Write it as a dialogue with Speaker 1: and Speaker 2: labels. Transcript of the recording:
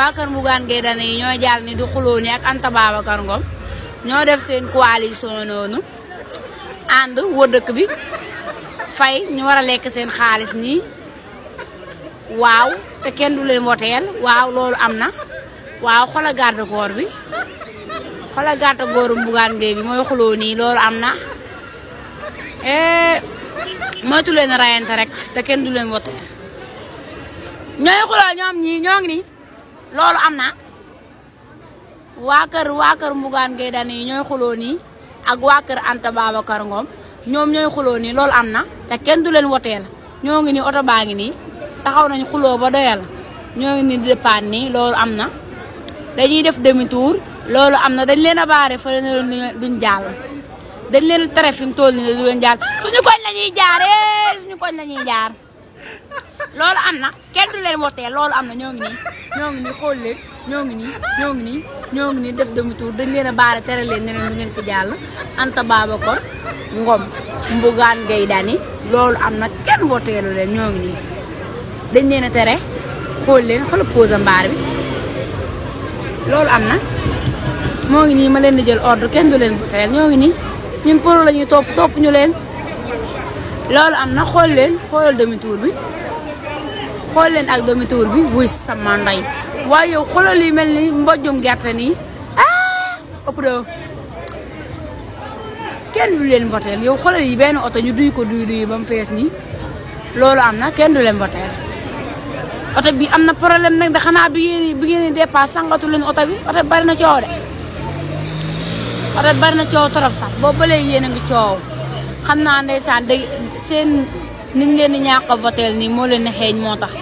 Speaker 1: waa kër Bougane Gueye Dany yi ñoo jàll ni di xuloo ni ak Anta Babacar Ngom ñoo def seen coalition noonu ànd wër dëkk bi fay ñu war a lekk seen xaalis nii waaw te kenn du leen woteel waaw loolu am na waaw xoola garde corps bi xoola garde corps Bougane Gueye bi mooy xuloo nii loolu am na eh, moytu leen reyante rek te kenn du leen woteel ñooy xuloo ñoom ñii ñoo ngi nii loolu am na waa kër waa kër Bougane Gueye Dany yi ñooy xuloo nii ak waa kër Anta Babacar Ngom ñoom ñooy xuloo nii loolu am na te kenn du leen woteel ñoo ngi ni oto baa ngi nii taxaw nañ xuloo ba doyal ñoo ngi nii di dépaan nii loolu am na dañuy def demi tour loolu am na dañ leen a baare fële ne duñ jàll dañ leen tere fi mu toll nii du leen jàll suñu koñ la ñuy suñu koñ la jaar loolu am na kenn du leen wootee loolu am na ñoo ngi nii ñoo ngi nii ñoo ngi nii ñoo ngi nii nii def demi tour dañ leen a baar tere leen ne leen du ngeen jàll Anta Babacar Ngom Mbougane Gueye Dany loolu am na kenn leen ñoo ngi nii dañ leen a tere xool leen xoolal pose mbaar bi loolu am na moo ngi nii ma leen di jël ordre kenn du leen voteel ñoo ngi nii ñun pro la ñuy topp topp ñu leen loolu am na xool leen xoolal demi bi xool leen ak doomi tuur bi wuy sama ndey waaye yow xoolal li mel ni mbojjum gerte nii ah ëpp na kenn du leen voteel yow xoolal yi benn oto ñu duy ko duy duy ba mu fees nii loolu am na kenn du leen voteel oto bi am na problème nag da xanaa bi ngeen bi ngeen di dépasse sangatu oto bi oto bari na coow de oto bari na coow trop sax boobu ba léegi yéen a ngi coow xam naa ndeysaan day seen ni leen di ñàkk a voté nii moo leen di xeeñ moo tax.